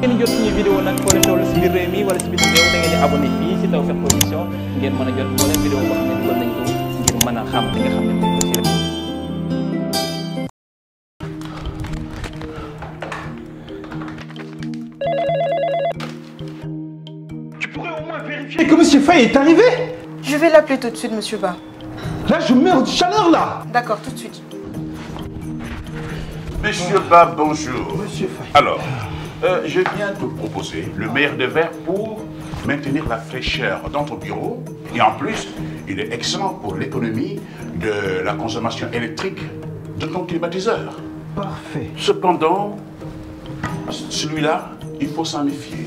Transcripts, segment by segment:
ngeen jot suñu vidéo nag foo leen toll si biir réew mi wala si biir réew da ngeen di abonné fii si Tawfekh Production ngeen mën a jot moo leen vidéo boo xam ne dugal nañ ko ngir mën a xam li nga xam ne moom lañ Tu pourrais au moins vérifier que monsieur Faye est arrivé? Je vais l'appeler tout de suite, monsieur Ba. Là, je meurs de chaleur là. D'accord, tout de suite. Monsieur Ba, bonjour. Monsieur Faye. Alors. euh, je viens de proposer le meilleur des verres pour maintenir la fraîcheur dans ton bureau. Et en plus, il est excellent pour l'économie de la consommation électrique de ton climatiseur. Parfait. Cependant, celui-là, il faut s'en méfier.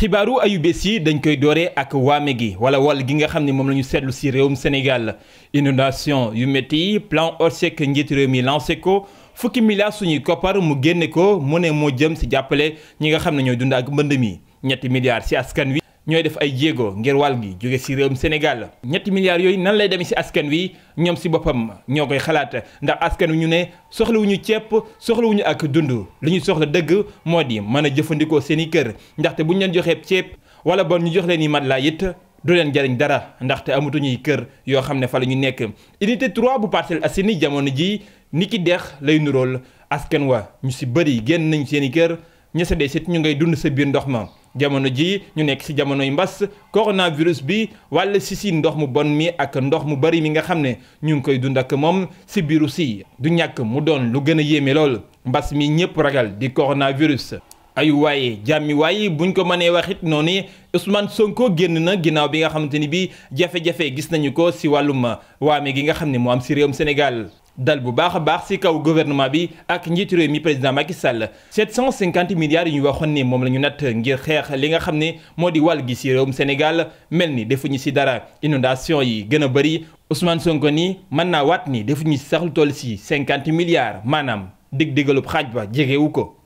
xibaaru ayubés yi dañ koy dooree ak waame gi wala wal gi nga xam ne moom lañu seetlu si réewum Sénégal inondation yu métti yi plan Orsec njiitu réew mi lancé ko fukki milliards suñuy koppar mu génne ko mu ne moo jëm si jàppale ñi nga xam ne ñooy dund ak mbënd mi ñetti milliards si askan wi. ñooy def ay jéego ngir wàll gi jóge ci réewum Sénégal ñetti milliards yooyu nan lay demee ci askan wi ñoom ci boppam ñoo koy xalaat ndax askan wi ñu ne soxlawuñu ceeb soxlawuñu ak dund li ñuy soxla dëgg moo di mën a jëfandikoo seen i kër ndaxte bu ñu leen joxee ceeb wala bon ñu jox leen i matelas it du leen jariñ dara ndaxte amatuñuy kër yoo xam ne fa la ñu nekk unité trois bu Parcelles seeni jamono ji ni ki deex lay nurool askan wa ñu ci bëri génn nañ seen i kër ña sa dee sit ñu ngay dund sa biir ndox ma jamono ji ñu nekk ci jamonoy mbas coronavirus bi wàll si si ndox mu bon mi ak ndox mu bari mi nga xam ne ñu ngi koy dund ak moom si biiru si du ñàkk mu doon lu gën a yéeme lool mbas mi ñépp ragal di coronavirus. ay waaye jàmmi waaye buñ ko mënee wax it noonu Ousmane Sonko génn na ginnaaw bi nga xamante ni bi jafe-jafe gis nañu ko ci wàllum waame gi nga xam ne mu am ci réewum Sénégal. dal bu baax a baax ci kaw gouvernement bi ak njiitu réew mi président Macky Sall 750 milliards yi ñu waxoon ni moom la natt ngir xeex li nga xam ne moo di wall gi ci réewum Sénégal mel ni defuñu ci dara inondation yi gën a bëri Ousmane Sonko ni mën naa waat ni defuñu ci sax lu toll ci 50 milliards maanaam dig-digalub xaaj ba jegewu ko.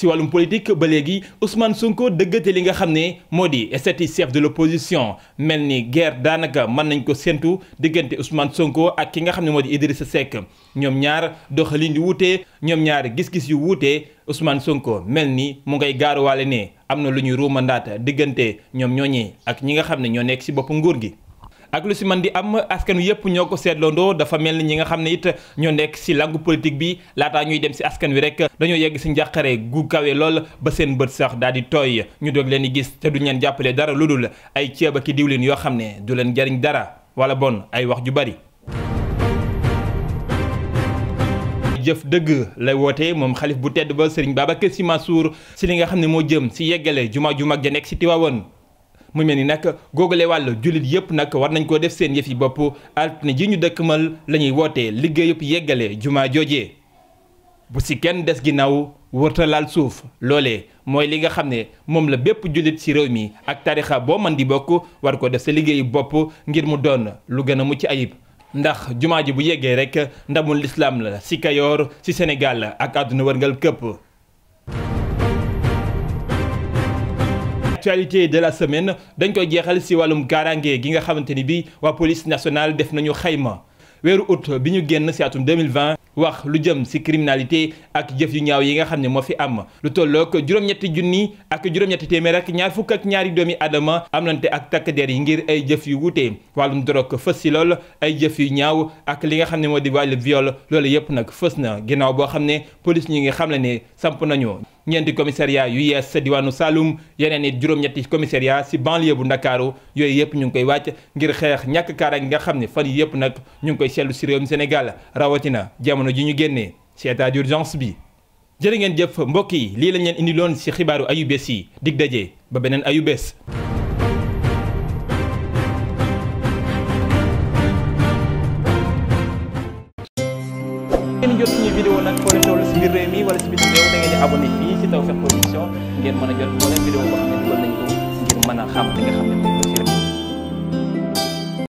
si wàllum politique ba léegi Ousmane Sonko dëggate li nga xam ne moo di statut chef de l'opposition mel ni guerre daanaka mën nañ ko séntu diggante Ousmane Sonko ak ki nga xam ne moo di Idrissa Seck ñoom ñaar doxalin yu wuute ñoom ñaar gis-gis yu wuute Ousmane Sonko mel ni mu ngay gaaruwaale ne am na lu ñuy ruumandaat diggante ñoom ñooñi ak ñi nga xam ne ñoo nekk si bopp nguur gi. ak lu si man di am askan wi yëpp ñoo ko seetloondoo dafa mel ni ñi nga xam ne it ñoo nekk si langue politique bi laataa ñuy dem si askan wi rek dañoo yegg si njàqare gu kawe lool ba seen bët sax daal di tooy ñu doog leen di gis te du leen jàppale dara lu dul ay ceeb ak diwlin yoo xam ne du leen jariñ dara wala bon ay wax ju bari. jëf dëgg lay woote moom xalif bu tedd ba sëriñ Babacar Sy Mansour si li nga xam ne moo jëm si yeggale jumaa ju mag ja nekk si Tiwaawoon mu mel ni nag googule wàll jullit yëpp nag war nañ koo def seen yëf yi bopp altine ji ñu dëkkmal la ñuy wootee liggéeyub yeggale jumaa joojee bu si kenn des ginnaaw wërta suuf loolee mooy li nga xam ne moom la bépp jullit ci réew mi ak tarixa boo man di bokk war ko def sa liggéeyu bopp ngir mu doon lu gën a mucc ayib ndax jumaa ji bu yeggee rek ndamul lislaam la si Kayoor si Sénégal ak àdduna wërngal këpp actualité de la semaine dañ koy jeexal si wàllum kaaraange gi nga xamante ni bii waa police nationale def nañu xayma weeru août bi ñu génn si atum 2020 wax lu jëm si criminalité ak jëf yu ñaaw yi nga xam ne moo fi am lu tollook juróom-ñetti junni ak juróom-ñetti ak ñaar fukk ak ñaari doomi aadama amlante ak takk der yi ngir ay jëf yu wuute wàllum dorog fës si lool ay jëf yu ñaaw ak li nga xam ne moo di wàll viol loolu yëpp nag fës na ginnaaw boo xam ne police ñu ngi xam ne ne samp nañoo ñeenti commissariat yu yees sa diwaanu saalum yeneen it juróom-ñetti commissariat si banle bu Ndakaaru yooyu yëpp ñu ngi koy wàcc ngir xeex ñàkk kaaraange nga xam ne fan yi yëpp nag ñu ngi koy seetlu si réewum senegal rawatina jamono ji ñu génne si état d'urgence bi jërë ngeen jëf mbokk yi lii lañ leen indiloon si xibaaru ayubés yi dig daje ba beneen ayubés biir réew mi wala si bitim réew da ngeen di abonné fii si Tawfekh Production ngeen mën a jot moo leen vidéo boo xam ne dugal nañ ko ngir mën a xam li nga xam ne